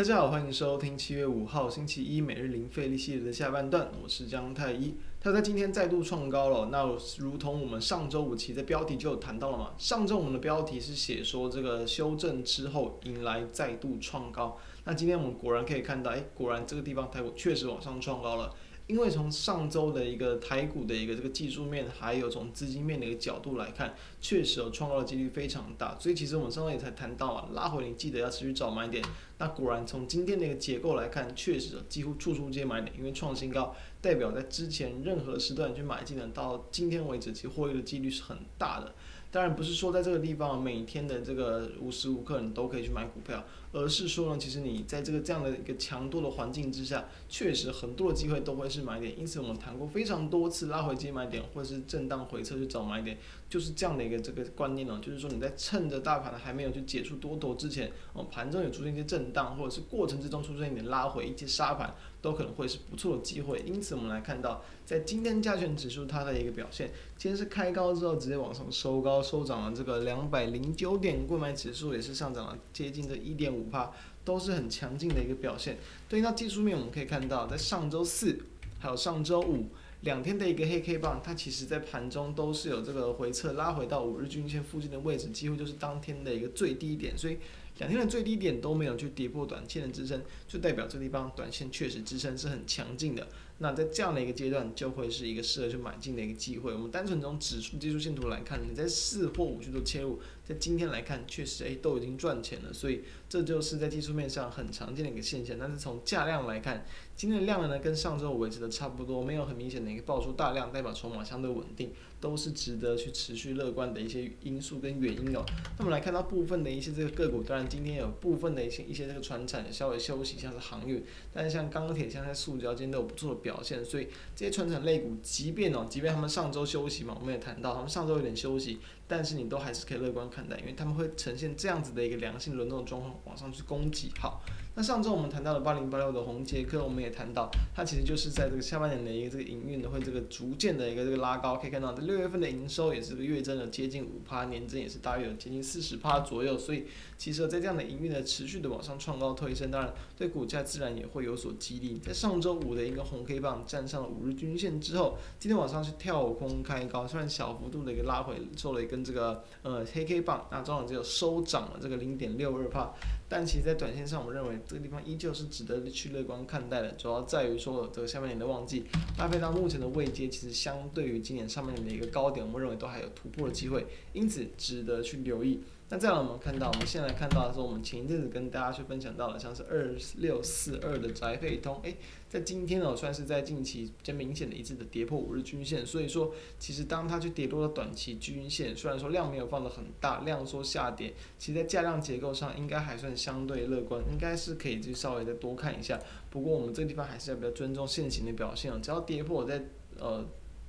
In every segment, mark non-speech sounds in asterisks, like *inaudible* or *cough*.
大家好，歡迎收聽七月五號星期一每日零費力系列的下半段，我是江太一。他在今天再度創高了，那如同我們上周五期的標題就有談到了嘛，上周我們的標題是寫說這個修正之後迎來再度創高，那今天我們果然可以看到，哎，果然這個地方它確實往上創高了。因為從上周的一個台股的一個這個技術面，還有從資金面的一個角度來看，確實有創高的幾率非常大。所以其實我們上周也才談到啊，拉回你記得要持續找買點。那果然從今天的一個結構來看，確實有幾乎處處皆買點，因為創新高代表在之前任何時段去買進，到今天為止其獲利的幾率是很大的。當然不是說在這個地方每天的這個無時無刻你都可以去買股票。而是說呢，其實你在這個這樣的一個強度的環境之下，確實很多的機會都會是買點。因此我們談過非常多次拉回接買點，或者是震盪回撤去找買點，就是這樣的一個這個觀念哦。就是說你在趁着大盤還沒有去解除多頭之前，哦、嗯、盤中有出現一些震盪，或者是過程之中出現一點拉回一些殺盤，都可能會是不錯的機會。因此我們來看到，在今天加權指數它的一個表現，今天是開高之後直接往上收高收漲了這個兩百零九點，櫃買指數也是上漲了接近這一點五。不怕，都是很強勁的一個表現。對應到技術面，我們可以看到，在上周四還有上周五兩天的一個黑 K 棒，它其實在盤中都是有這個回撤，拉回到五日均線附近的位置，幾乎就是當天的一個最低點，所以。兩天的最低點都沒有去跌破短線的支撐，就代表這地方短線確實支撐是很強勁的。那在這樣的一個階段，就會是一個適合去買進的一個機會。我們單純從指數技術線圖來看，你在四或五去做切入，在今天來看，確實哎都已經賺錢了。所以這就是在技術面上很常見的一個現象。但是從價量來看，今天的量呢跟上周維持的差不多，沒有很明顯的一個爆出大量，代表籌碼相對穩定，都是值得去持續樂觀的一些因素跟原因哦。那我們來看到部分的一些這個個股端。今天有部分的一些一些這個傳產稍微休息，像是航運，但是像鋼鐵像在塑膠今天都有不錯的表現，所以這些傳產類股，即便哦，即便他們上周休息嘛，我們也談到他們上周有點休息。但是你都還是可以樂觀看待，因為他們會呈現這樣子的一個良性輪動的狀況往上去攻擊。好，那上周我們談到了八零八六的宏捷科，我們也談到它其實就是在這個下半年的一個這個營運的會這個逐漸的一個這個拉高，可以看到在六月份的營收也是這個月增了接近五趴，年增也是大約有接近四十趴左右。所以其實，在這樣的營運的持續的往上創高推升，當然對股價自然也會有所激勵。在上周五的一個紅 K 棒站上了五日均線之後，今天晚上是跳空開高，雖然小幅度的一個拉回，做了一個。這個呃黑 K 棒，那終場就收漲了這個零點六二趴。但其實，在短線上，我們認為這個地方依舊是值得去樂觀看待的，主要在於說這個下半年的旺季，搭配到目前的位階，其實相對於今年上半年的一個高點，我們認為都還有突破的機會，因此值得去留意。那這樣我們看到，我們現在看到的是，我們前一陣子跟大家去分享到的，像是二六四二的宅配通，哎、欸，在今天哦、喔，算是在近期比較明顯的一次的跌破五日均線，所以說，其實當它去跌落了短期均線，雖然說量沒有放的很大，量縮下跌，其實在價量結構上應該還算。相對樂觀，應該是可以去稍微再多看一下。不過我們這個地方還是要比較尊重現行的表現，啊，只要跌破在呃。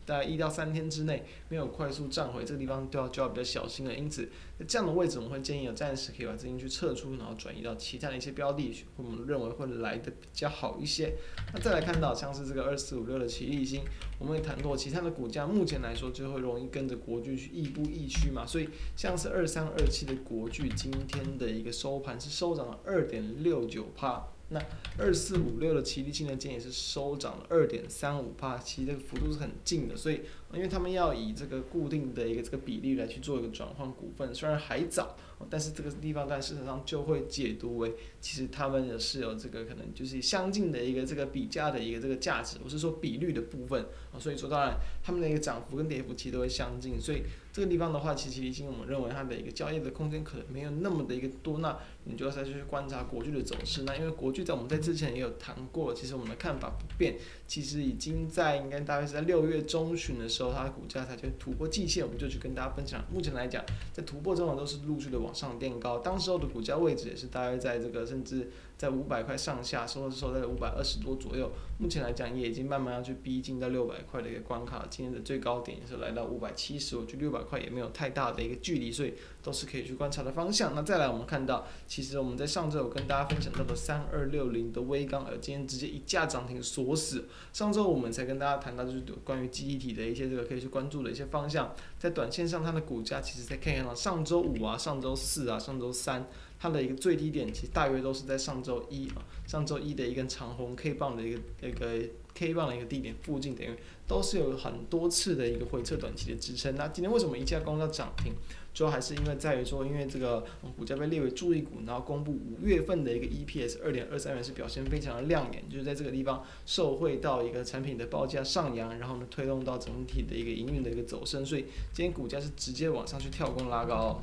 大概一到三天之內沒有快速站回這個地方就要，就要比較小心了。因此，在這樣的位置，我們會建議暫時可以把資金去撤出，然後轉移到其他的一些標的，我們認為會來的比較好一些。那再來看到像是這個二四五六的奇力新，我們也談過，其他的股價目前來說就會容易跟着國巨去亦步亦趨嘛。所以像是二三二七的國巨，今天的一個收盤是收漲了二點六九帕。那二四五六的奇力新今天也是收漲了二點三五八七，其實這個幅度，是很近的，所以。因為他們要以這個固定的一個這個比例來去做一個轉換股份，雖然還早，但是這個地方在市場上就會解讀為，其實他們也是有這個可能就是相近的一個這個比價的一個這個價值，我是說比率的部分啊，所以說當然他們的一個漲幅跟跌幅其實都會相近，所以這個地方的話，其實已經我們認為它的一個交易的空間可能沒有那麼的一個多那，你就要再去觀察國際的走勢，那因為國際在我們在之前也有談過，其實我們的看法不變，其實已經在應該大概是在六月中旬的時候。後它的股價它就突破季線，我們就去跟大家分享。目前來講，在突破之後都是陸續的往上墊高，當時候的股價位置也是大約在這個，甚至在五百塊上下，收的時候在五百二十多左右。目前來講，也已經慢慢要去逼近到六百塊的一個關卡。今天的最高點是來到五百七十，我覺得六百塊也沒有太大的一個距離，所以都是可以去觀察的方向。那再來，我們看到，其實我們在上週有跟大家分享到的三二六零的威剛，而今天直接一價漲停鎖死。上週我們才跟大家談到，就是有關於記憶體的一些這個可以去關注的一些方向，在短線上它的股價其實在看看啊，上週五啊、上週四啊、上週三。它的一個最低點其實大約都是在上周一啊，上周一的一根長紅 K 棒的一個那個 K 棒的一個低點附近，等於都是有很多次的一個回撤短期的支撐。那今天為什麼一下攻到漲停？主要還是因為在於說，因為這個、嗯、股價被列為注意股，然後公布五月份的一個 EPS 二點二三元是表現非常的亮眼，就是在這個地方受惠到一個產品的報價上揚，然後呢推動到整體的一個營運的一個走升，所以今天股價是直接往上去跳空拉高。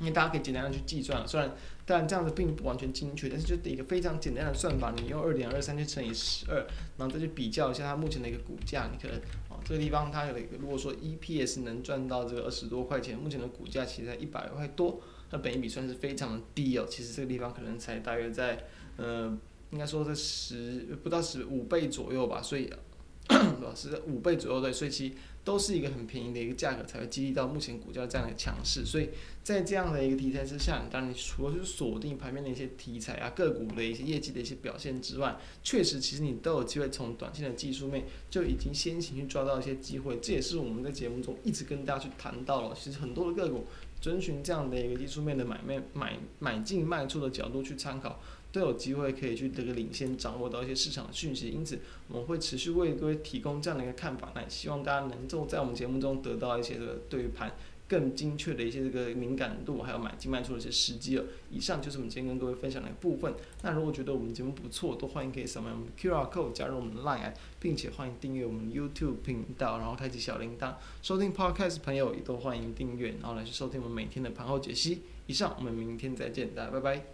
因為大家可以簡單的去計算，雖然，但這樣子並不完全精確，但是就是一個非常簡單的算法。你用二點二三去乘以十二，然後再去比較一下它目前的一個股價，你可能，哦，這個地方它有一個，如果說 EPS 能賺到這個二十多塊錢，目前的股價其實才一百塊多，它本益比算是非常的低哦。其實這個地方可能才大約在，呃，應該說在十不到十五倍左右吧，所以，是 *coughs* 五倍左右的，所以其實都是一個很便宜的一個價格，才會激勵到目前股價這樣的強勢。所以在這樣的一個題材之下，當然你除了去鎖定盤面的一些題材啊、個股的一些業績的一些表現之外，確實，其實你都有機會從短線的技術面就已經先行去抓到一些機會。這也是我們在節目中一直跟大家去談到了，其實很多的個股遵循這樣的一個技術面的買賣、買買進賣出的角度去參考。都有機會可以去這個領先，掌握到一些市場的訊息，因此我們會持續為各位提供這樣的一個看法來。那也希望大家能夠在我們節目中得到一些這個對於盤更精確的一些這個敏感度，還有買進賣出的一些時機了、喔。以上就是我們今天跟各位分享的一部分。那如果覺得我們節目不錯，都歡迎可以掃描、um、我們的 QR code 加入我們的 LINE，並且歡迎訂閱我們 YouTube 頻道，然後開啟小鈴鐺，收聽 Podcast 朋友也都歡迎訂閱，然後來去收聽我們每天的盤後解析。以上，我們明天再見，大家拜拜。